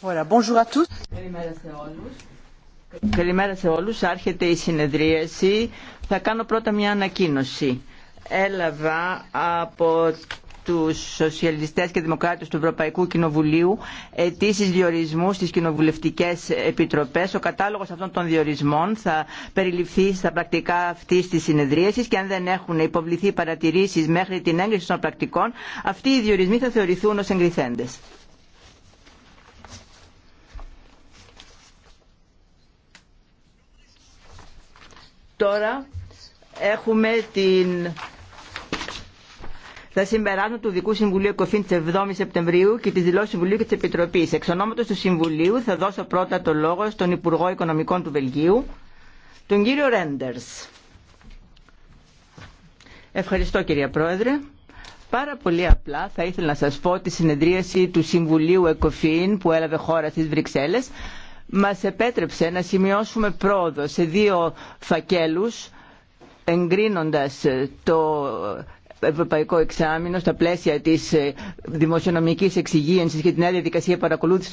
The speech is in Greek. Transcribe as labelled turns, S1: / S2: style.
S1: Καλημέρα σε όλους.
S2: Καλημέρα σε όλους. Άρχεται η συνεδρίαση. Θα κάνω πρώτα μια ανακοίνωση. Έλαβα από τους σοσιαλιστές και δημοκράτες του Ευρωπαϊκού Κοινοβουλίου αιτήσει διορισμού στις κοινοβουλευτικές επιτροπές. Ο κατάλογος αυτών των διορισμών θα περιληφθεί στα πρακτικά αυτή τη συνεδρίαση και αν δεν έχουν υποβληθεί παρατηρήσεις μέχρι την έγκριση των πρακτικών, αυτοί οι διορισμοί θα θεωρηθούν ως εγκριθέντες. Τώρα έχουμε την... Τα του Δικού Συμβουλίου Εκοφήν τη 7η Σεπτεμβρίου και τη δηλώση Συμβουλίου και τη Επιτροπή. Εξ ονόματο του Συμβουλίου θα δώσω πρώτα το λόγο στον Υπουργό Οικονομικών του Βελγίου, τον κύριο Ρέντερ. Ευχαριστώ κυρία Πρόεδρε. Πάρα πολύ απλά θα ήθελα να σας πω τη συνεδρίαση του Συμβουλίου ΕΚΟΦΗΝ που έλαβε χώρα στις Βρυξέλλες μας επέτρεψε να σημειώσουμε πρόοδο σε δύο φακέλους εγκρίνοντας το Ευρωπαϊκό Εξάμεινο στα πλαίσια της δημοσιονομικής εξυγίανσης και την άλλη διαδικασία παρακολούθηση.